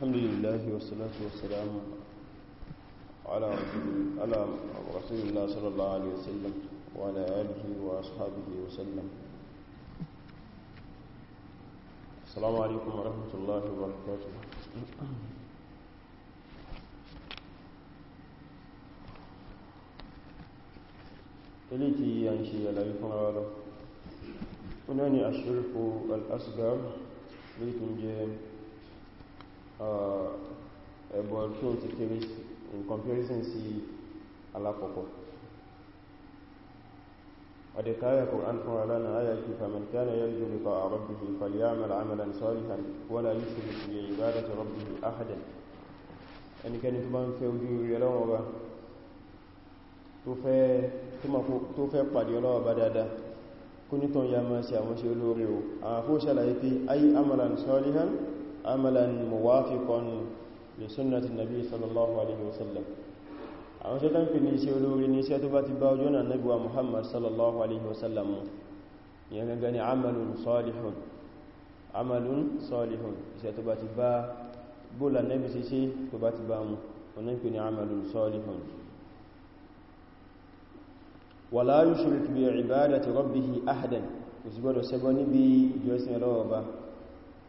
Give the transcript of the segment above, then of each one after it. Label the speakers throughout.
Speaker 1: الحمد لله والصلاة والسلام على على رسول الله صلى الله عليه وسلم وعلى آله وأصحابه وسلم السلام عليكم ورحمة الله وبركاته إليتي أنشي لا ورحمة هذا هناني أشرف الأسباب ليكن جيم ẹbọ kí o ti kéré in comparison sí alákọ̀ọ́kọ́ ọdẹ̀káyà Qur'an fún aláàrùn ayàkí fàmìtánà yẹ́ ìjọ nípa a rabbihi falyamal amalan salihan wala yushrik bi ibadati rabbihi ahadan ẹnikẹ́ni tó bá ń fẹ́ ojú عملا موافقا لسنة النبي صلى الله عليه وسلم àwọn ṣẹ́kàn pè ní iṣẹ́ olóorí ní iṣẹ́ tó bá ti bá ojú ọ̀nà nẹ́gbà Muhammad sallallahu alaihi wasallam yẹn gangan ni amalun salihun amalun salihun iṣẹ́ tó bá ti bá bóòlà nẹ́bí sí ṣe tó bá ti bá mu ọ̀nà pè ní amalun salihun wala yushrik bi ibadati rabbihi ahadan kò sì gbọ́dọ̀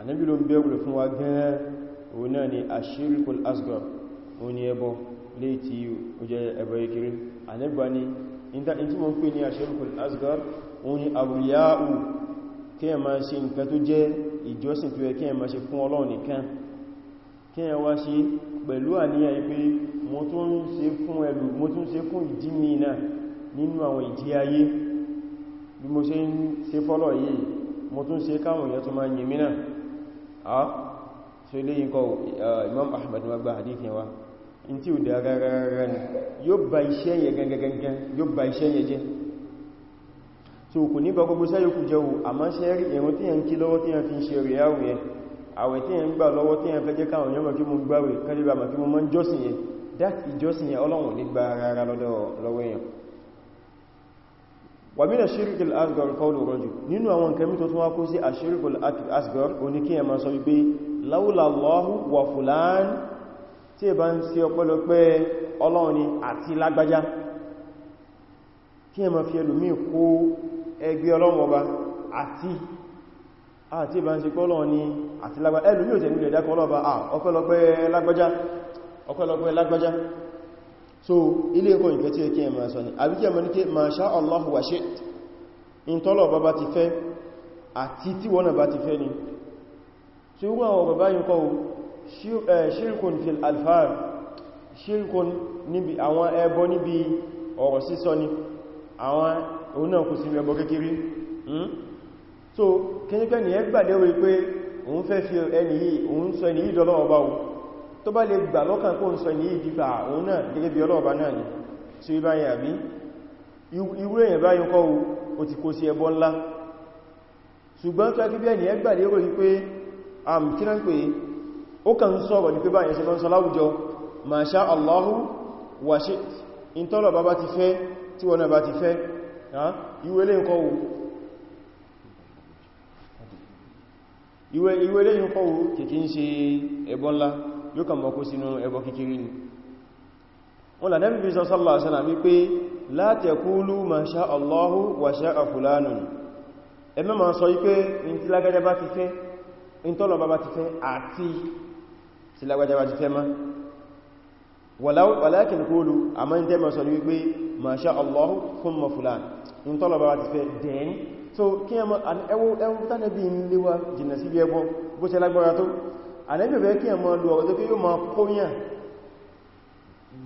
Speaker 1: ànábì ló ń bẹ̀rù fún wa gan òun náà ni ashirikul asgar òun ni ẹbọ lè tí ó jẹ́ ẹbọ ikiri ànábì ni in tí wọ́n pè ní ashirikul asgar òun ni abúlíáù kí ẹ máa ṣe nǹkan tó jẹ́ ìjọsìn tó ẹ máa mo tún ṣe fọ́lọ̀ yìí mo tún ṣe káwọn èèyàn tó máa yìí mìíràn a so ilé yínkọ Imam Ahmad wọ́n gba hadith yẹn wa in tí ò dá rárá ni yóò ba iṣẹ́ yẹ gangan yóò ba iṣẹ́ yẹ jẹ́ so kò ní gbogbo sẹ́yòkú jẹ́ o àmá ṣe rí ẹ̀rùn tí yẹn kí lọ́wọ́ tí yẹn fi ń ṣe rí àwọ̀ yẹn àwẹ̀ tí yẹn ń gbà lọ́wọ́ tí yẹn fẹ́ jẹ́ káwọn yọ́mọ̀ kí mo gbáwẹ̀ kálíbà mọ̀ kí mo mọ́ jọ́sìn yẹn that ìjọ́sìn yẹn Ọlọ́run ní gbà rárá lọ́dọ̀ lọ́wọ́ yẹn wà mí na ṣíríkì asgar kọlu rọjù nínú àwọn kẹmí tó tún wá kó sí a ṣíríkì asgar oní kí ẹmà sọ wípé láúlàlọ́hù wà fùlán tí ẹ bá ń ṣe ọpẹ́lọpẹ́ ọlọ́ọ̀ni àti lágbájá kí ẹmà fi ẹlòmí kó ẹgbẹ́ ọlọ́mọba àti àti ìbá ń ṣe kọ́lọ́ọ̀ni àti lágbájá ẹlòmí ò so ilé ẹ̀kọ́ ìfẹ́ tí ó kí ẹmà sọ ni àbí kí ẹmà ní kí ma ṣá Allahu wa ṣe in tọ́lọ̀ bàbá ti fẹ́ àti tí wọ́n bá ti fẹ́ ni tí ó wọ́n bàbá yìí ṣírkùn fil alfar ṣírkùn níbi àwọn ẹbọ níbi ọ̀rọ̀ sísọ ni àwọn hmm? so kẹ́nikẹ́ni ẹgbàdẹ́wẹ̀ pé òun fẹ́ fi ẹni yìí òun sọ tó bá lè gbà lọ́kàn kó ń sọ ní ìdípa òun náà gẹ́gẹ́ bí ọlọ́ọ̀bá náà ni tí ó bá yà bí irú èyàn báyìí kọ́ o ti kó sí ẹbọ ńlá ṣùgbọ́n tó ẹgbẹ́ ẹni ẹgbà lérò wípé àmkínápé ó pé Allahu wa shi't ìntọ́lọ̀ bá bá ti fẹ́ tí wọ́n náà bá ti fẹ́ ìwé lè ń kìkí ń ṣe ẹbọ yóò kàn mọ́kó sínú ẹbọ kékeré ni wọ́n lànà bí sọ sallallahu alaihi wípé la taqulu ma sha Allahu wa sha'a fulanun ẹmẹ́ ma sọ wípé in tí lágbàjá bá ti fẹ́ in tọ́lọ bá ti fẹ́ àti ma walakin qulu àmá in tẹ́mọ̀ sọ wípé ma Allahu thumma fulan in tọ́lọ bá ti so kí ẹmọ ẹwọ́ ẹwọ́ tánẹ́bí ń léwa jìnnà sí bí ànẹ́bẹ̀bẹ̀ kí ẹmọ lù ọ̀rọ̀ tó kí yóò ma kóyàn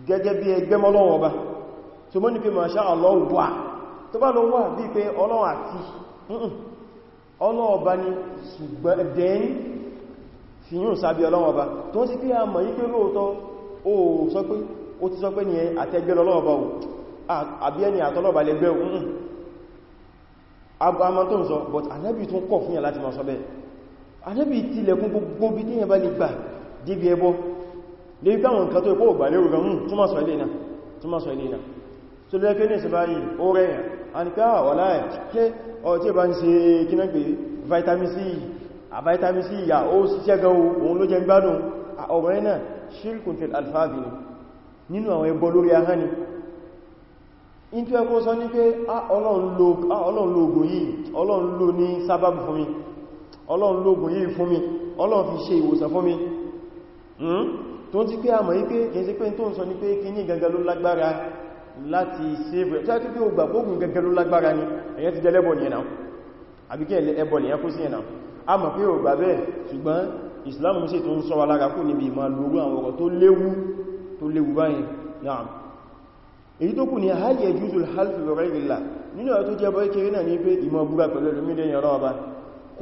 Speaker 1: gẹ́gẹ́ bí ẹgbẹ́ mọ́lọ́wọ́ ọba tó mọ́ ní pé ma ṣá ọlọ́run wà tó bá lọ wà bí pé ọlọ́run àti ọlọ́ọba ni ṣùgbọ́n dẹ́ni fi yún sábí ọlọ́run ọba a mọ̀ yí pé lóòótọ́ ó sọ pé ó ti sọ pé ní àtẹ́gbẹ́ lọ́lọ́ọba ò àbí ẹni àtọ́lọ́ọba lẹ́gbẹ́ ò àmọ́ tó ń sọ but ànẹ́bì tó ń kọ̀ fún yà láti mọ̀ anẹ́bì tilẹ̀kùn gbogbo bí tí yẹn bá lè gbà débi ẹbọ lè gbà wọn kan tó ẹ̀kọ́ ògbà lérò gan mún hmm, túnmà sọ ilé náà túnmà sọ ilé náà tó lẹ́kẹ́ ní ìsìnbá yìí ó rẹ̀ yàn àníká ọ̀lá kí ọ tí bá ń ṣe kíná vitamin c a vitamin c yà ó ṣiṣẹ́ gan òun ló jẹ gbádùn ọ̀rẹ́ náà ṣírkùn fil alfáàbì ni nínú àwọn ẹbọ lórí ni in tí ah, ah, mi ọlọ́run lóògùn yìí fún mi ọlọ́run fi ṣe ìwòsàn fún mi hmm? tó ń ti pé àmọ̀ yí pé kèsí pé tó ń sọ ní pé kí ní gangan ló lágbára láti save rẹ̀ tí ó gbà fóògùn gangan ló lágbára ni ẹ̀yẹ́ ti jẹ́lẹ́bọ̀ ní ẹ̀nà àbí kí ẹbọ̀ wa lára kú níbi ìmọ̀ lórí àwọn ọ̀rọ̀ tó léwu tó léwu èyí tó kù ní hal yajuzu al-halfu bi nínú ọ̀rọ̀ tó jẹ́ náà ní pé ìmọ̀ búra pẹ̀lú ẹlòmídẹ́yìn ọlọ́ọ̀bá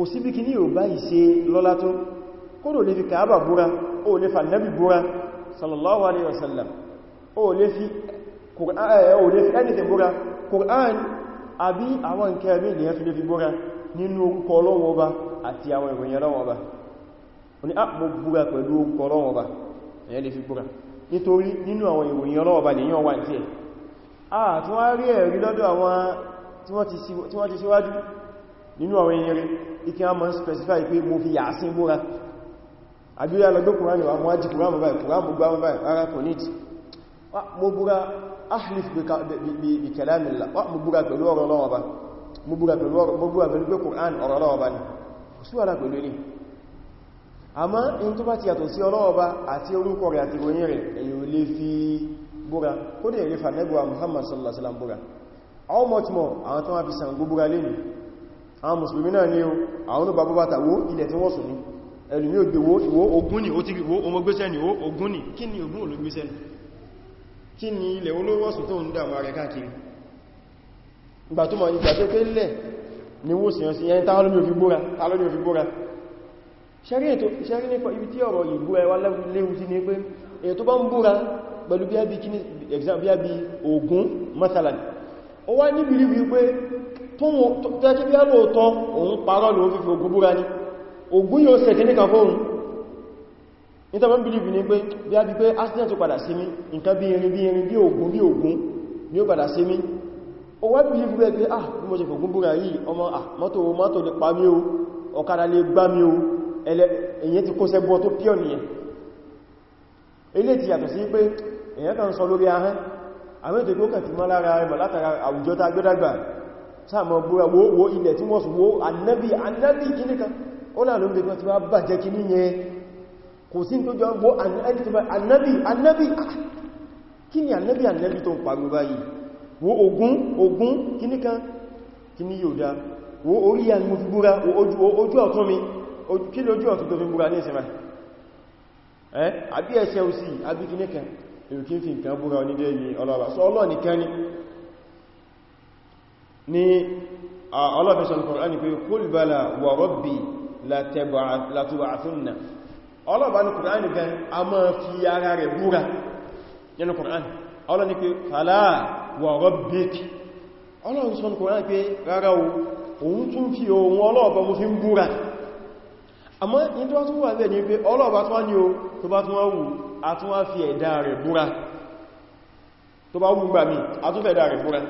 Speaker 1: kò sí bí kí ní òbá ìṣe lọ́lá tó kódò lè fi kàábà búra o lè fà nẹ́bì búra sallallahu alaihi wasallam eh, o lè fi anything búra Qur'an àbí àwọn nǹkan ẹ̀mí ni ẹ fi lè fi búra nínú orúkọ Ọlọ́run Ọba àti àwọn ìròyìn Ọlọ́run Ọba o ní àpò ah, búra pẹ̀lú orúkọ Ọlọ́run Ọba ẹ̀yẹ lè fi búra nítorí nínú àwọn ìròyìn Ọlọ́run Ọba lèyàn wà ní tí ẹ̀ àtúnwárí ẹ̀rí lọ́dọ̀ àwọn tí ikẹ́ a máa specify pé mo fi yàásín múra àbíyà lọ́gbọ́ kùránì wà mọ́ jìkùránì báyìí kùránì gbogbo àwọn báyìí rárá kò ní ti mo búra ahlif bí kẹlámìlá mo búra pẹ̀lú ọ̀rọ̀ lọ́wọ́ bá mo búra pẹ̀lú pé kùránì ọ̀rọ̀ lọ́wọ́ bá ní kò sí wàlá pẹ̀lú ní àmọ́ in tó bá ti yàtọ̀ sí ọlọ́wọ́ bá àti orúkọ rẹ̀ àti ìròyìn rẹ̀ èyí ò lè fi búra kó dẹ̀ rí fanẹ́gbà Muhammad sallallahu alaihi wasallam búra how much more àwọn tó wá fi sàn gbogbo àwọn mùsùlùmí náà ní o àwọn ní bàbá bàtà wó ilẹ̀ tí wọ́n sùn ní ẹlùmí ògbè wó ìwó ogún ní ó ti wó ọmọgbésẹ́ ní ogún ní kí ni ogún ológbésẹ́ ní kí ni ilẹ̀ olówọ́sùn tó ń dàmà rẹ̀ káàkiri ìgbà tó mọ̀ ìgbà tó ni wó sí ọsí ẹni tààlómi òfin bóra tààlómi òfin bóra ṣẹ́rí ètò ìṣẹ́rí nípa ibi tí ọ̀rọ̀ ìbúra ẹwà tẹ́kí bí alóòtọ́ òun parọ́ lòun fífi ogun búra ní ogun yóò sẹ̀kí ní kàfóhun nítorí wọ́n bílìbì ní pé bí a bí pé accident padà sí mi nǹkan bí irin bí irin bí ogun bí ogun ni ó padà sí mi ó wá bí ibi pé ah bí mo ṣe fògún búra yìí ọmọ ah mọ́tò mọ́tò lè pa mí o ọ̀kadà lè gbá mí o èyàn ti kó sẹ́gbọ́ tó pí ọ̀nìyàn ilé ti yàtọ̀ sí sáàmọ̀ búra wòó ilẹ̀ tí wọ́n sùn wó annabi annabi kìíní kan ó náà ló ń dẹ̀kọ́ tí wá bàjẹ́ kìíní yẹn kò sí tó jọ wó annabi annabi kí ni annabi annabi tó ń pàgbé báyìí ogun ogun kìíní kan kìíní yóò dá wo orí àbí ẹ̀ṣẹ́ òsì àbí èrò kí ń fi nǹkan búra onídẹ́ ní ọlọ́bẹ̀sọ̀n kọ̀rọ̀ánì pé kúlbàlà wà rọ́bì látẹ̀bàtúnà ọlọ́bẹ̀sọ̀n kọ̀rọ̀ánì gan a mọ́ fi ara rẹ̀ búra nínú kọ̀rọ̀ánì ọlọ́ni pé fàlá wà rọ́bì ọlọ́bẹ̀sọ̀n kọ̀rọ̀ánì pé rárá òun tún fi ohun ọlọ́ọ̀bọ̀ mú fi ń búra àmọ́ ní tó tún wà bẹ́ẹ̀ ni pé ọlọ́ọ̀bá tó wá ní o tó bá tún wá wù a tún wá fi ẹ̀dà rẹ̀ búra tó bá wù gbà a tún fẹ́ ẹ̀dà rẹ̀ búra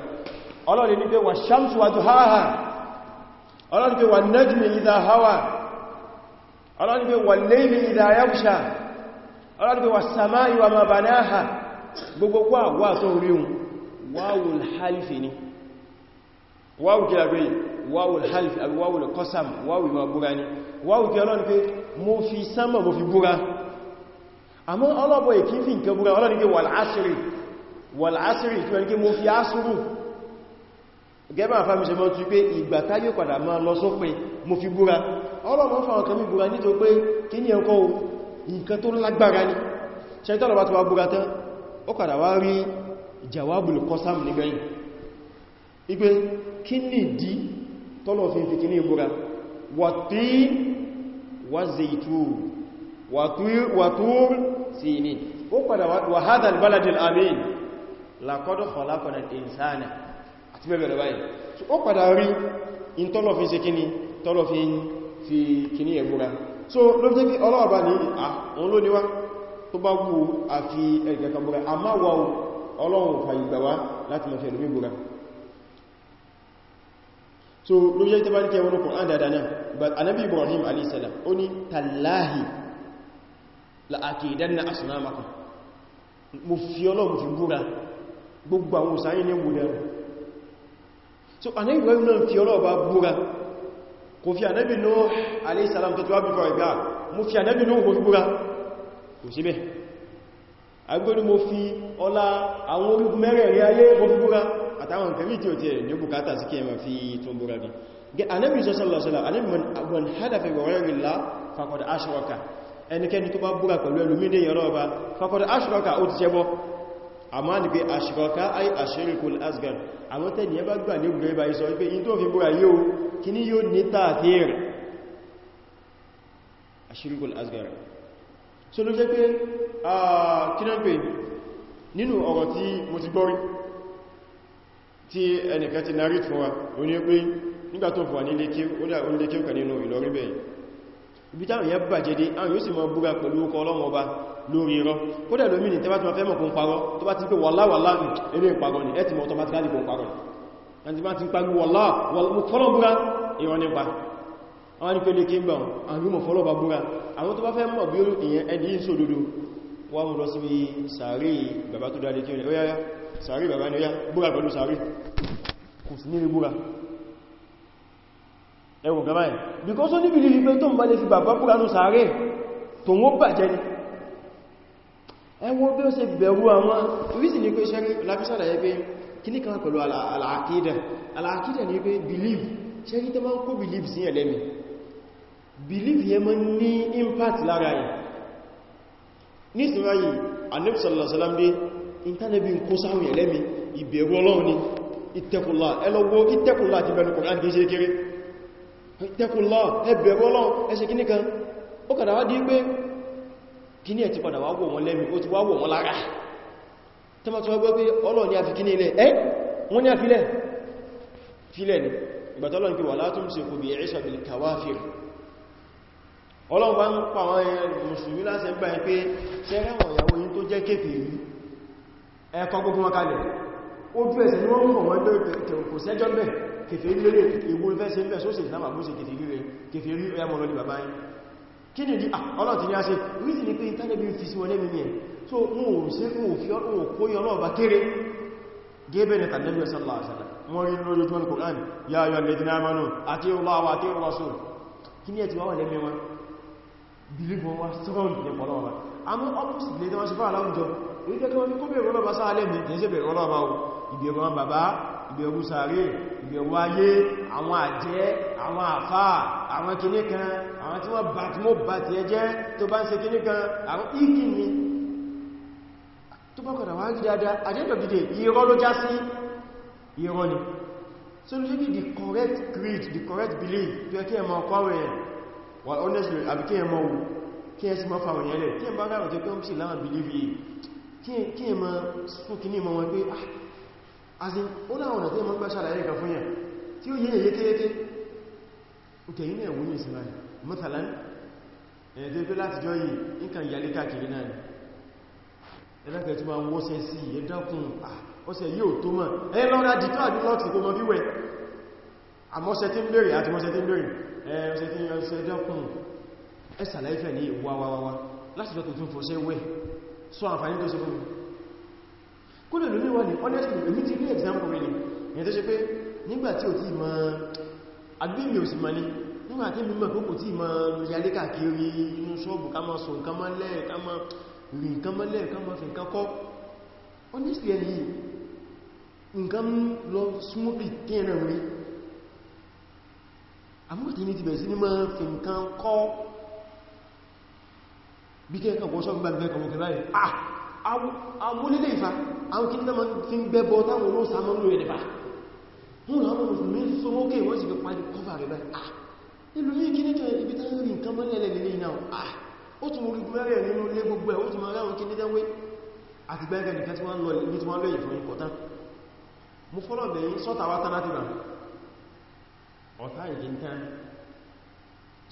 Speaker 1: ọlọ́rin ní pé wà ṣámsù wà tó háhà ọlọ́rin pé wà nájmi ìdá hawa ọlọ́rin pé wà lẹ́yìn ìdá yabsha ọlọ́rin pé wà samáyí wà ma banáha gbogbo wà wà tó ríun wáwùl halifi ni wáwù kí lágbé wáwùl halifi àbí wáwùl kọsam wáwù ìwà búra ni wáwù kí ọlọ́rin pé mo fi sánmà mo fi búra àmọ́ ọlọ́bọ̀ ìkífì nǹkan búra ọlọ́rin pé wà láásírì wà láásírì tí wọ́n ni pé mo fi áásùrù gẹ́bà àfáàmì ṣe mọ́ tí pé ìgbà táyé padà máa lọ sópin mo fi búra ọlọ́mọ́ fáwọn kan mi búra nítorí pé kí ní ẹ̀kọ́ nǹkan tó lágbára ní ṣẹ́tọ́lọ̀ bá ti wá búra tán ó padà wá rí jawabul qasam
Speaker 2: nígbẹ̀yìn
Speaker 1: àti bẹ́ẹ̀bẹ̀rẹ̀ báyìí so ó padà rí in tọ́lọ̀ fi ṣe kíní tọ́lọ̀ fi fi kíní ẹ̀gbọ́ra so ló jẹ́ kí ọlọ́ọ̀bá ní àwọn olóníwá tó bá gbù àfi ẹ̀gbẹ̀kàgbọ́ra a máa wà ọlọ́run fàyìgbàwá láti mọ̀ fẹ̀lú gbígbòra so ló jẹ́ tí bá ní kẹ wọn kùnrán dáadáa náà but anabi Ibrahim alayhisalam ó ní tallahi la'akidanna asnamakum mo fi ọlọ́run fi gbúra gbogbo àwọn òsáyìn ní wùdẹ̀rùn so anabi Ibrahim náà fi Ọlọ́run bá búra kò fi anabi Nuh alayhi salam tó ti wá bí fọ́ ìgbà mo fi anabi Nuh kò búra kò sí bẹ́ agbóni mo fi ọlá àwọn orígun mẹ́rẹ̀ẹ̀rẹ̀ ayé mo fi búra àtàwọn nǹkan tí ó ti ẹ̀ ní bùkátà sí kí ẹ ma fi tún búra bí anabi sallallahu alaihi wasallam anabi man hadafa bi ghayri Allah faqad ashraka ẹnikẹ́ni tó bá búra pẹ̀lú ẹlòmídé yọ́rọ̀ ọba faqad ashraka ó ti ṣẹbọ àmá ní pé àṣìkọ̀ká àì àṣírìkùl asgar àwọn tẹ́ni ẹbá gbà ní ìgbẹ̀rẹ̀ bá ìsọ wípé in tó fi búra yóò kí ní yóò ní tààtírì àṣírìkùl asgar so ló jẹ́ pé kínápé nínú ọ̀rọ̀ tí mo ti gbọ́rí tí ẹnìkan ti narí fún wa oní pé nígbà fún wa ní lékí ibi táwọn yẹn bàjẹ́ dé àwọn yóò sì mọ búra pẹ̀lú ọkọ̀ ọlọ́run ọba lórí irọ́ kódà lómi ní tẹ́bá tí wọ́n fẹ́ mọ̀ kún parọ́ tó bá ti pé wọ́lá wọ́lá ní hmm, eré ìparọ́ ní ẹ̀tì mọ̀ automatically kún parọ́ àti bá ti parí wọ́lá wọ́lá irọ́ nípa àwọn ní pẹ̀lú kígbà àwọn yóò mọ̀ fọ́lọ́ bá búra àwọn tó bá fẹ́ mọ̀ bí ó ìyẹn ẹni ìṣò òdodo wọ́n mú lọ sí sàárì bàbá tó dá lé kí ó yá sàárì bàbá ni ó yá búra ẹwọ̀n gaba ẹ̀ because ó níbi lílí pé tó ń bá lè fi bàbá púránù sàárè tó wọ́n bàjẹ́ ni ẹwọ́n bí ó ṣe bẹ̀rù àwọn orísì ní pé ṣẹ́rí lábísàdà yẹ pé kí ní kan pẹ̀lú alàákídà believe ṣẹ́rí tó máa believe sí ẹ̀lẹ́mì believe yẹ mọ́ ní impact lára yẹ nísìnyí Ànábì sallallahu alaihi wasallam dé ìntánẹ́bí ń kó sáwọn ẹ̀lẹ́mì ìbẹ̀rù Ọlọ́run ni ìtẹ́kùnlá ẹlọ́wọ́ ìtẹ́kùnlá àti bẹ̀rù Kùránì kìí kéré tẹ́kùnlọ́ ẹbẹ̀rọ ọlọ́run ẹṣẹ́ kìíní kan ó kàdà wá dí pé kìíní ẹ̀ ti padà wá wọ̀ wọn lẹ́nu ó ti wá wọ̀ wọn lára tẹ́mọ̀tọ́ ẹgbẹ́ pé ọlọ́ ni a fi kìíní ilẹ̀ ẹ́ wọ́n ni a filẹ̀ filẹ̀ ni ìgbàtọ́lọ́n pé wà látún sí kò bí ẹ̀ṣà bí kàwáfir ọlọ́run bá ń pa àwọn mùsùlùmí láti ẹgbà ẹ pé ṣẹ́rẹ́ àwọn ìyàwó yìí tó jẹ́ kéfèé yìí ẹ̀kọ́ gbogbo wọn kalẹ̀ ó bẹ̀ẹ̀sẹ̀ ni wọ́n mọ̀ wọ́n lóòtẹ̀ kèfèrí lérè ewu ń fẹ́ ṣe ń fẹ́ sóṣè náà mú sí kèfèrí rẹ̀ kèfèrí ẹmọ lọ ní bàbá yìí kí ni ah, ọlọ́tí ní a ṣe rízi ní pé ìtànẹ́bí fi sí wọlé mímí ẹ̀ tó mú ò sí mú ò fi ọ̀rọ̀ kó yọ lọ́ọ̀bá kéré gẹ́bẹ̀ ní tàbí sallallahu alaihi wasallam wọ́n rí lórí ojúmọ́ Qur'an ya ayyuhal ladhina amanu ati'u Allaha wa ati'u rasul kí ni ẹ̀ ti wá wà lẹ́mí wọn believe wọn wá strong ní ọlọ́ọ̀bá àmọ́ opposite lè dánwà sí fún aláwùjọ orí jẹ́ kí wọ́n ní kó bèèrè ọlọ́ọ̀bá sáà lẹ́mí ìyẹ́sẹ̀ bèèrè ọlọ́ọ̀bá ìbèèrè wọn bàbá ìbẹ̀rù sàárè ìbẹ̀rù ayé àwọn àjẹ́ àwọn àfá àwọn kìní kan àwọn tí wọ́n bá tí mọ́ bá ti ẹjẹ́ tó bá ń ṣe kìní kan àwọn ìkì ni
Speaker 2: tó bá kọ̀dà wá rí dáadáa àjẹ́dọ̀ dìde irọ́ ló já sí
Speaker 1: irọ́ ni so ló jẹ́ the correct creed the correct belief tó yẹ kí ẹ máa honestly àbí kí ẹ máa wù kí ẹ sì máa fàwọn ìyẹn lẹ̀ kí ẹ bá rárọ̀ tó pẹ́ ń sì láwọn asin ó láwọn ọ̀nà tí wọ́n gbá ṣàlàyé ga fún yẹn tí ó yíyẹ yékéyéké òkè yínà ẹ̀wọ́n yìí sinmi mọ́tàlán ẹ̀ẹ́dẹ́ pé láti jọ yìí nǹkan ìyàlé káàkiri náà ni ẹlẹ́kẹ̀ẹ́ tí wọ́n wọ́sẹ̀ sí ẹ̀dọ́kùn ah, ọ̀sẹ̀ yóò tó mọ̀ ẹ lọ́ra dìtọ́ àdúlọ́tì tó mọ̀ bíwẹ̀ àmọ́sẹ̀ tí ń bèèrè àti mọ́sẹ̀ tí ń bèèrè ẹ̀ẹ́sẹ̀ tí yọ ẹ̀dọ́kùn ẹ̀sàlẹ́fẹ̀ ní wáwáwá láti jọ tó tún fọ́sẹ̀ wẹ̀ sọ àǹfààní tó sí fún mi kúrò lórí wọ́n ni honestly èmi ti rí example rẹ̀ ní tó ṣe pé nígbàtí ò tí ma agbími ò sì ma ní nígbàtí mímọ̀ pé kò tí ma yalé káàkiri inú ṣọ́ọ̀bù ká ma sọ nǹkan mọ́lẹ̀ ká ma rí nǹkan mọ́lẹ̀ ká ma fi nǹkan kọ́ honestly ẹni yìí nǹkan lọ smoothly tí ẹ̀rẹ̀ rí amúgbàtí ní ti bẹ̀rẹ̀ sí ní ma fi nǹkan kọ́ bí kẹ́ẹ̀kan ah awúlélé ìfà àwọn kí tẹ́mà ti ń gbẹ́bọ táwọn olóòsà mọ́ lórí ẹ̀lẹ́bà múlò àwọn mùsùlùmí sówókè wọ́n sì fi
Speaker 2: pàdé kọfà rẹ̀ báyìí ah
Speaker 1: ìlú ní kí níkan ibi tán rí nǹkan mọ́lẹ̀ lẹ́lẹ́lẹ́ iná ah ó tún orí mẹ́rẹ̀ nínú ilé gbogbo ẹ̀ ó tún mọ́ ráwọn kí níkan wé àti gbẹ́gẹ́ nìkan tí wọ́n lọ ibi tí wọ́n lọ ìfún ikọ̀ tán mo fọ́lọ̀ bẹ̀yìn sọ́ta wá tán láti rà ọ̀tá ìdí nǹkan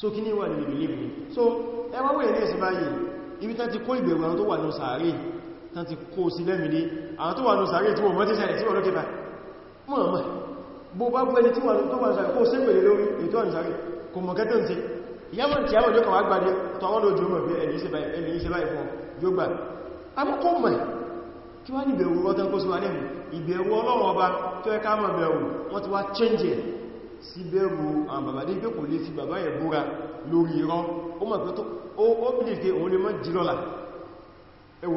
Speaker 1: so kí ní wà nínú ilé mi so ẹwà wẹ̀ ní ẹ̀sìn báyìí ibi tán ti kó ìbẹ̀rù àwọn tó wà ní sàárè tán ti kó sí lẹ́mìdé àwọn tó wà ní sàárè tí wọ́n mọ́ tí sàárè tí wọ́n lókè bá mọ́ mọ́ bó bá gbẹ́ni tí wà ní sàárè kó sí pèlè lórí ètò àwọn sàárè kò mọ̀ kẹtàn sí ìyámọ̀ tí àwọn olókàwà gbádẹ tó àwọn olójú mọ̀ bí ẹni iṣẹ́ báyìí fún yóò gbà àmúkọ́ mọ̀ kí wá ní ìbẹ̀rù ọdán kó sí wà lẹ́mù ìbẹ̀rù ọlọ́run ọba tó ẹka mọ̀ bẹ̀rù wọ́n ti wá change sí bẹ̀rù àwọn bàbádé pé kò lè fi bàbá yẹ̀ búra lórí irọ́ ó mọ̀ pé tó ó bìlì pé òun lè mọ́ jìlọ́là ẹwù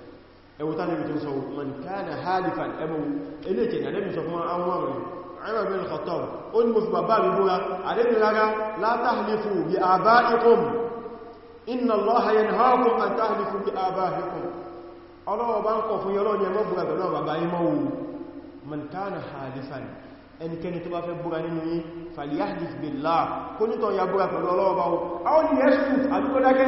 Speaker 1: ẹwọ tánàbí tó sọ man kana halifan ẹbọ eléèkè ìdánẹ́bí sọ fún àwọn ọmọ ẹ̀rọ bin Khattab ó ní mo fi bàbá mi búra àdébìn rárá la tahlifu bi aba'ikum inna Allaha yanhaakum an tahlifu bi aba'ikum ọlọ́wọ́ bá ń kọ̀ fún yọ́lọ́ ni ẹmọ́ búra pẹ̀lú bàbá yí mọ́wù man kana halifan ẹnikẹni tó bá fẹ́ búra nínú yí falyahlif billah kó nítọ̀ ya búra pẹ̀lú ọlọ́wọ́ bá wọn
Speaker 2: àwọn ni yẹ́sùn àdúgbọ́dákẹ́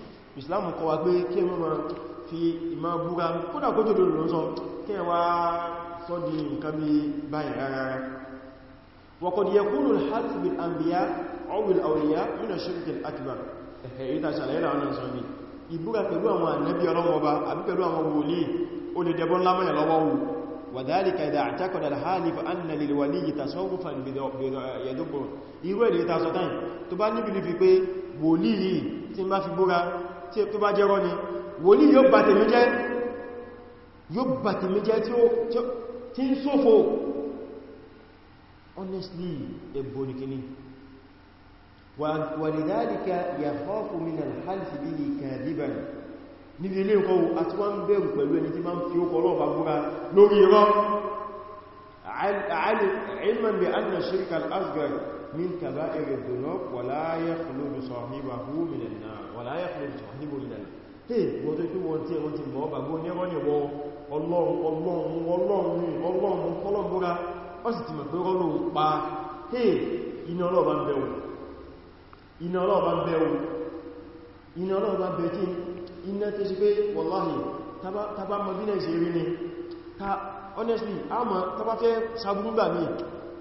Speaker 1: islam kọ́ wa pé kí ẹmọ́ ma fi ìmọ̀ búra kódà kó tó lòrò lọ́sọ kí ẹwà sọ nǹkan bí báyìí rárá وقد يكون الحلف بالأنبياء أو بالأولياء من الشرك الأكبر èyí ta ṣàlàyé àwọn ọ̀sán ni ìbúra pẹ̀lú àwọn ànábì ọlọ́wọ́ bá àbí pẹ̀lú àwọn wòlí إذا اعتقد الحالف أن للولي تصرفا يدبر irú ẹ̀lẹ́ ta sọ táyìn tó bá níbi tí tó bá jẹ́rọ ni wòlí yóò bà tèmi jẹ́ yóò bà tèmi jẹ́ tí ń sófò honestly ẹbọ ní kíní wàlìdáríkà yàfọ́kù mínal hálìsì bí i kàdíbàn níbi ilé ìkọ́ àti wọ́n bẹ̀rù pẹ̀lú ẹni tí máa ń fi ó kọlọ́ bàbúra lórí irọ́ من كبائر الذنوب ولا يخلد صاحبه من النار ولا يخلد صاحبه من النار tí wọ́n tó kí wọ́n tí wọ́n ti mọ́ bàgbó ní rọ́ níwọ́ ọlọ́run ọlọ́run ọlọ́run ọlọ́run kọlọ́gbọ́ra ó sì ti mọ̀ pé rọ́ ló ń pa iná ọlọ́ọ̀bá ń bẹ̀wò iná ọlọ́ọ̀bá bẹ̀ tí iná tó sì pé wọ́láhì tàbá mọ̀ bí náà ṣe rí ni honestly a mọ̀ tàbá fẹ́ sàbúrúgbà míì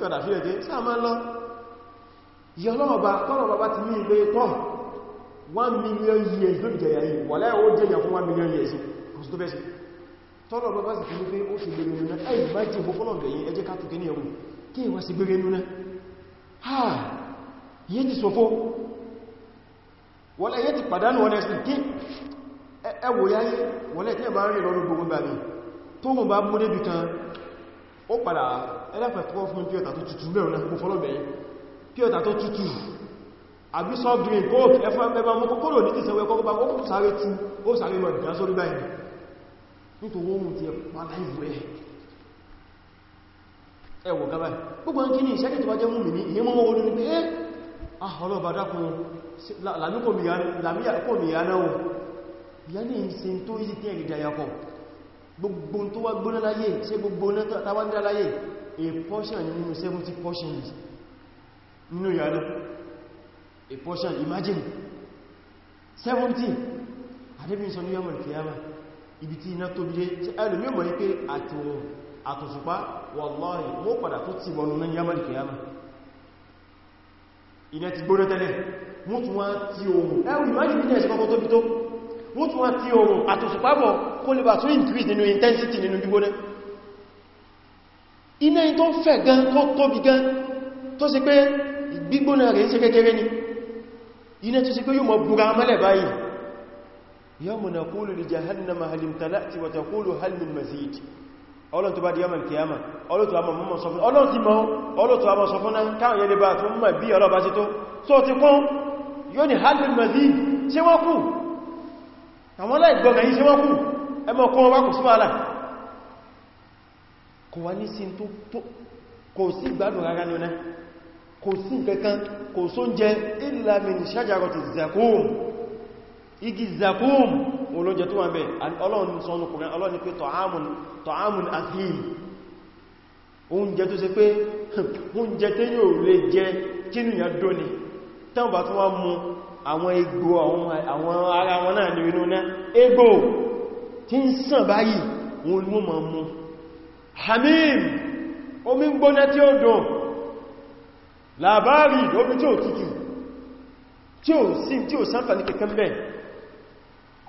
Speaker 1: kọ́nà fílẹ̀ jẹ́ sáàmà lọ ìyọlọ́ọ̀bá tọ́lọ̀bá bá ti ní ilé tọ́ 1 million years ló jẹ̀yà yìí wà láyé ó jẹ̀yà fún 1 million years kò sí tó bẹ́sì tọ́lọ̀bá bá sì fi ní pé ó sì gbèrè nuna ẹ̀yìn bá jẹ́ fọ́fọ́lọ̀gbẹ̀ yìí ẹjẹ́ ká tukẹ́ ní ẹ̀rùn kí wá sí gbèrè nuna ah, ha yẹ́ ti sọfọ́ wọ́lẹ̀ yẹ́ ti pàdánù wọn ẹ̀sìn kí ẹwò yáyé wọ́lẹ̀ tí ẹ̀ bá rí lọ́rọ̀ gbogbo gbàmì tó mọ̀ bá múlé bìkan ó padà ẹlẹ́fẹ̀ fún fún píọ̀tà tó tutù mẹ́rin náà fọ́lọ́bẹ̀ yìí píọ̀tà tó tutù àbí soft drink coke ẹfẹ́ mẹ́bà mú kókòrò ní ìsẹ̀wẹ́ kọ́kọ́ bá kókò sáré tú ó sáré mọ̀ ìgbà sórí báyìí nítorí ohun ti ẹ̀pá láìwọ̀ ẹ̀ ẹ̀wọ̀ gábà
Speaker 2: gbogbo ń kí ní ìṣẹ́kì tó bá jẹ́ mú mi ní ìyẹ́ mọ́ olú ní pé ẹ́ eh,
Speaker 1: ah, ọlọ́bà dákun lámíkò mìíràn náà ìyá ní ìsin tó yí tẹ́ ìdáyàkọ̀ gbogbo tó wá gbóná láyé ṣe gbogbo tàbá ní aláyé a portion nínú 70 portions nínú yàrá a portion imagine 70 adébìn sọ ní yọmọ̀ ìkìyàmà ibi tí iná tóbi dé tí ẹlù ní ọmọ wípé àtòrùn àtòṣùpá wallahi mọ́ padà tó ti wọnú ní yàmà ìkìyàmà ilẹ̀ ti gbóná tẹ́lẹ̀ mú tún wá tí ohun ẹwù ìmájì bí ní ẹ̀ṣẹ́ kọ́kọ́ tóbi tó wọ́n tún wọ́n tí oòrùn àtòsùpábọ̀ kó lè bà tún increase nínú intensity nínú gbígbóná iná tó fẹ̀ gan tó tóbi gan tó sì pé gbígbóná rẹ̀ ṣe kékeré ni iná tó sì pé yóò mọ̀ búra mẹ́lẹ̀ báyìí yawma naqulu li jahannama hal imtala'ti wa taqulu hal min mazid ọlọ́n tó bá di yamal kiyama ọlọ́n tó àmà mọ́mọ̀ sọ fún ọlọ́n ti mọ́ ọlọ́n tó àmà sọ fún náà káwọn yẹ lè bá tún mọ̀ bí ọlọ́bá sí tó tó ti kún yóò ni hal min mazid ṣe wọ́n kú àwọn aláìgbọ́gbẹ̀ yí ṣe wọ́n kú ẹmọ kọ́ wá kò sí wàhálà kò wá ní sí tó kò sí ìgbádùn rárá ní ọ̀nà kò sí nǹkankan kò só jẹ ìlàmì ṣájàrọ̀tì zakum igi zakum olóòjẹ tó wà bẹ̀ ọlọ́run sọ́nù kùnrin ọlọ́run pé àwọn egbò àwọn ara wọn náà ní inú náà egbò tí ń sàn báyìí wọn olúwọ́ ma mú hamim omi gbóná tí ó dùn làbárì lóbi tí ó tutù tí ó sí tí ó sáfà ní kẹkẹ́ mẹ́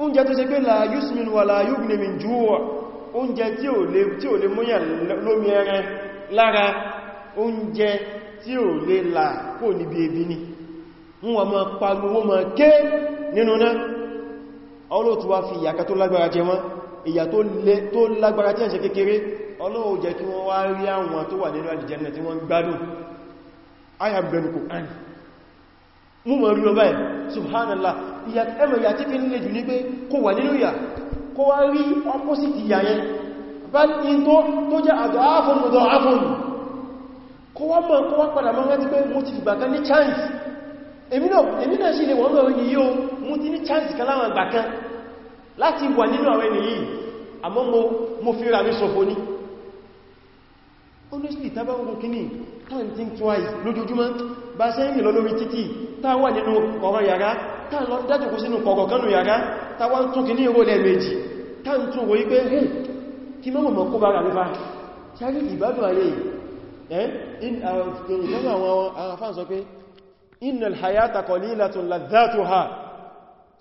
Speaker 1: oúnjẹ tó ṣe pé la yusmin wà la yughni min ju' oúnjẹ tí ó lè tí ó lè múyà lómi ẹran lára oúnjẹ tí ó lè là kò níbi ebi ni wọ́n ma pariwo ma ké nínú náà ọlọ́ tó wá fi ìyàkà tó lágbára jẹ wọ́n ìyà tó lágbára tí a ṣe kékeré ọlọ́wọ́ jẹ́ kí wọ́n wá rí àwọn tó wà nínú àlìjẹ́nà tí wọ́n gbádùn aya bẹnu kò án mú mọ̀ rí ọba ẹ̀ subhanallah ẹmọ̀ ìyà tí fi ń lè jù ní pé kó wà nínú ìyà kó wá rí opposite ìyà yẹn bá ní tó tó jẹ́ àgbà áfọ́nù mọ̀dọ̀ áfọ́nù kó wá mọ̀ kó wá padà mọ́ rántí pé mo ti fìgbà kan ní chance èmi náà sí ilé wọ́n mẹ́rin yìí yóò mú ti ní chance kan láwọn àgbà kan láti wà nínú àwọn ẹni yìí àmọ́ mo fi ra mi sọ̀fọ́ ní honestly tàbá ogun kìíní tàn tí twice lójoojúmọ́ bá ṣe ń lọ lórí títì tàà wà nínú ọ̀rọ̀ yàrá tàà lọ dájòkó sínú kọ̀ọ̀kọ̀ kanú yàrá tàà wá ń tún kìíní ìrò lẹ́ẹ̀mejì tàà ń tún wòye pé hey kí mọ́ mọ̀ kó bá rà nípa ṣáàrí ìbádùn àrẹ ẹ̀ in àwọn afáàsọ pé innal hayata qalilatun ladhatuha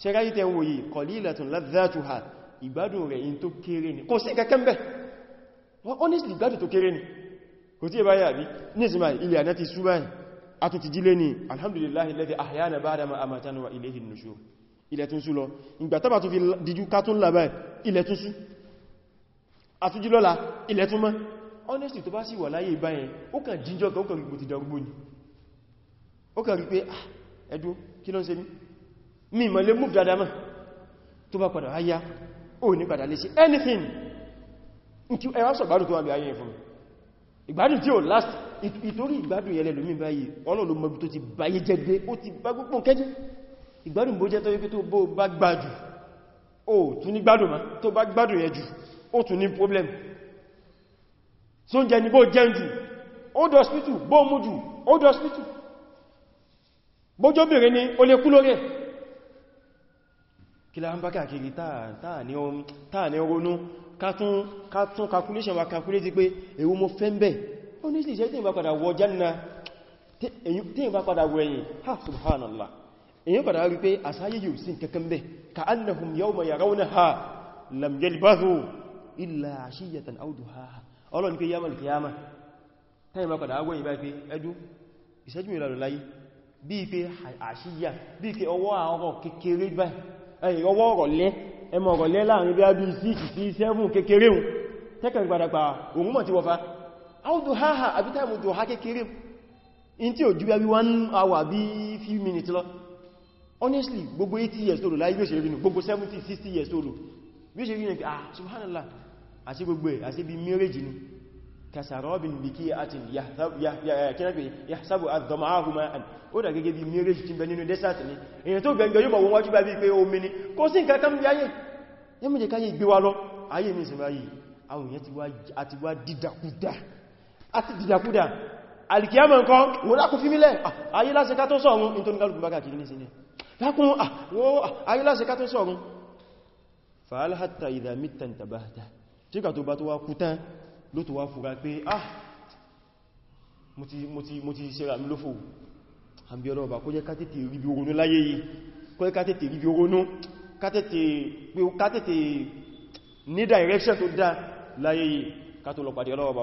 Speaker 1: ṣe ráyí tẹ́ wòye qalilatun ladhatuha ìgbádùn rẹ̀ in tó kéré ni kò sí kankan bẹ́ wọ́n honestly ìgbádùn tó kéré ni kò tí ẹbá yàbí nísìmá ilẹ̀ àná ti sú báyìí a tún ti jílé ni alhamdulillahi alladhi ahyana ba'dama amatana wa ilayhin nushur ilẹ̀ tún sú lọ ìgbà tàbà tún fi díjú ká tún làbáyì ilẹ̀ tún sú àtújílọ́la ilẹ̀ tún mọ́ honestly tó bá sì wà láyé báyẹn ó kàn jíjọ́ kan ó kàn gbogbo ti darúgbó ni ó kàn rí pé ah, ẹ̀dùn kí ló ń ṣe mí mi mọ̀ lè múf dáadáa mọ́ tó bá padà ayá ó ní padà lè ṣe anything tí ẹwà sọ gbádùn tó wà bí ayé fún ìgbádùn tí ó last ìtorí ìgbádùn yẹlẹ lómi báyìí ọlọ́lọ́ mọ́bí tó ti báyé jẹ́ gbé ó ti bá gbogbo kẹjẹ́ ìgbádùn bó jẹ́ tó yẹ tó bó bá gbádùn ó tún ní gbádùn ma tó bá gbádùn yẹ jù ó tún ní problem so ń jẹ ní bó jẹ́ jù ó dọ̀ spítù bó mú jù ó dọ̀ spítù bójóbìnrin ni o lè kú lórí ẹ̀ kí la ń bá káàkiri táà ní orónú kátún calculation wa calculate pé èwo mo fẹ́ ń bẹ̀ honestly ṣe tí ìbá padà wọ jánà tí ìbá padà wọ ẹ̀yìn ha subhanallah èyàn padà rí pé àsáyé yóò sí kankan bẹ̀ ka annahum yawma yarawnaha lam yalbathu illa ashiyatan aw ha. ọlọ́ni pé yamal kiyama táyìmá padà agwọ́ ìbá pé ẹjú ìṣẹ́jú ìlànà láyé bí i pé àṣíyà bí i pé ọwọ́ àwọn kékeré báyìí ọwọ́ ọ̀rọ̀lẹ́ ẹmọ ọ̀rọ̀lẹ́ láàrin bí i sí sí sẹ́fún kékeré un tẹ́kẹ̀ gbàdàgbà òun mọ̀ tí wọ́fà áwùdó háhà àbí táìmù jọ ha kékeré in tí ò jú bí one hour bí few minutes lọ honestly gbogbo 80 years old láyé bí ó ṣe rí nù gbogbo 70 years old bí ó ah subhanallah àti gbogbo ẹ̀ àti bí marriage ni كسراب بكيئة يحسب الظمآه ماء ó dà gẹ́gẹ́ bí mirage tí ń bẹ nínú desert ni èyàn tó gbẹ̀ngẹ̀ yóò bọ̀ wọ́n wájú bá bí pé omi ni kò sí nǹkan kan bí ayé yẹ́mù jẹ́ káyé gbé wa lọ ayé mi ìsinmi ayé àwọn èyàn ti wá dídàkúdà àti dídàkúdà alìkìyàmọ̀ nǹkan wò lákún fi mílẹ̀ ayé láṣẹ ká tó sọ̀run in tó ní kálùkù bákà kìí nísìnyẹ lákún ayé láṣẹ ká tó sọ̀run fàálhàtà ìdàmítà ìtàbáhàtà tí kà tó bá tó wá kú tán ló tó wá fúra pé ah mo ti mo ti mo ti ṣera mi lófò àbí ọlọ́ọ̀bà kó jẹ́ kátètè rí bí oronú láyé yìí kó jẹ́ kátètè rí bí oronú kátètè ní direction tó dá láyé yìí kátó lọ pàdé ọlọ́ọ̀bà